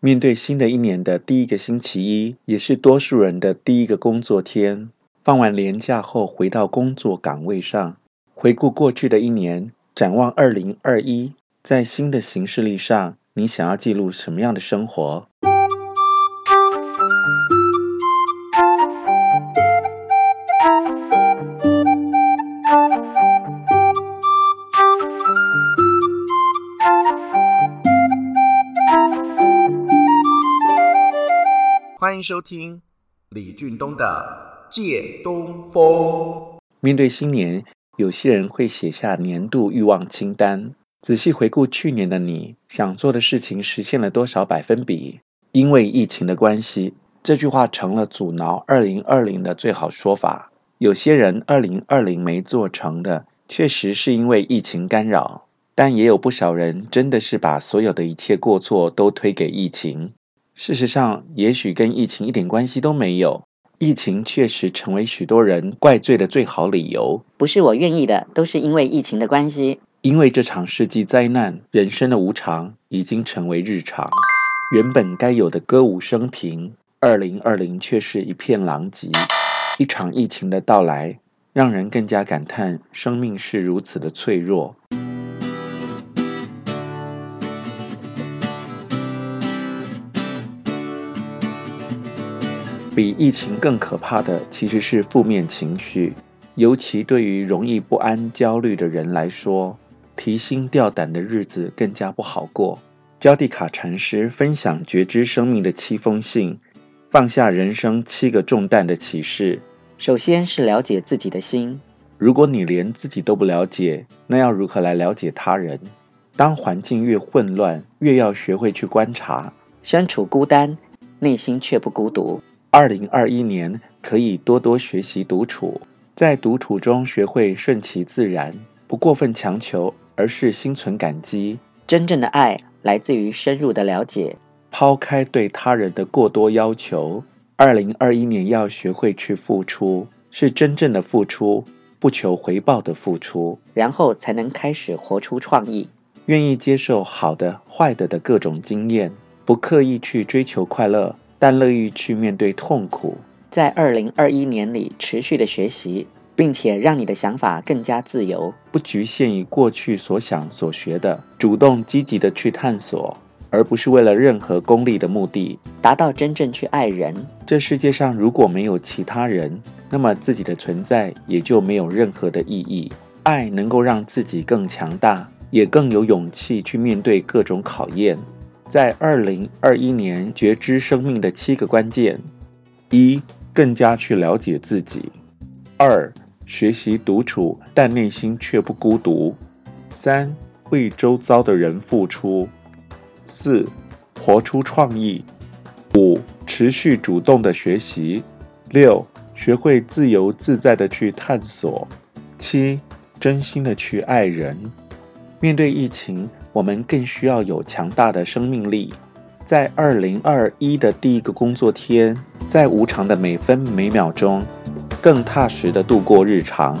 面對新的一年的第一個星期一，也是多數人的第一個工作天，放完年假後回到工作崗位上，回顧過去的一年，展望二零二一，在新的行事曆上，你想要記錄什麼樣的生活？歡迎收聽李俊東的《借東風》。面對新年，有些人會寫下年度欲望清單，仔細回顧去年的你想做的事情實現了多少百分比。因為疫情的關係，這句話成了阻撓二零二零的最好說法。有些人二零二零沒做成的，確實是因為疫情干擾，但也有不少人真的是把所有的一切過錯都推給疫情。事實上，也許跟疫情一點關係都沒有。疫情確實成為許多人怪罪的最好理由，不是我願意的，都是因為疫情的關係。因為這場世紀災難，人生的無常已經成為日常。原本該有的歌舞升平，二零二零卻是一片狼藉。一場疫情的到來，讓人更加感嘆生命是如此的脆弱。比疫情更可怕的其實是負面情緒，尤其對於容易不安、焦慮的人來說，提心吊膽的日子更加不好過。焦蒂卡禪師分享覺知生命的七封信，放下人生七個重擔的啟示。首先是了解自己的心。如果你連自己都不了解，那要如何來了解他人？當環境越混亂，越要學會去觀察。身處孤單，內心卻不孤獨。二零二一年可以多多學習獨處，在獨處中學會順其自然，不過分強求，而是心存感激。真正的愛來自於深入的了解，拋開對他人的過多要求。二零二一年要學會去付出，是真正的付出，不求回報的付出，然後才能開始活出創意。願意接受好的、壞的的各種經驗，不刻意去追求快樂。但樂於去面對痛苦，在二零二一年裡持續的學習，並且讓你的想法更加自由，不局限於過去所想所學的，主動積極的去探索，而不是為了任何功利的目的，達到真正去愛人。這世界上如果沒有其他人，那麼自己的存在也就沒有任何的意義。愛能夠讓自己更強大，也更有勇氣去面對各種考驗。在二零二一年，覺知生命的七個關鍵：一、更加去了解自己；二、學習獨處，但內心卻不孤獨；三、為周遭的人付出；四、活出創意；五、持續主動的學習；六、學會自由自在的去探索；七、真心的去愛人。面對疫情，我們更需要有強大的生命力，在二零二一的第一個工作天，在無常的每分每秒中，更踏實的度過日常。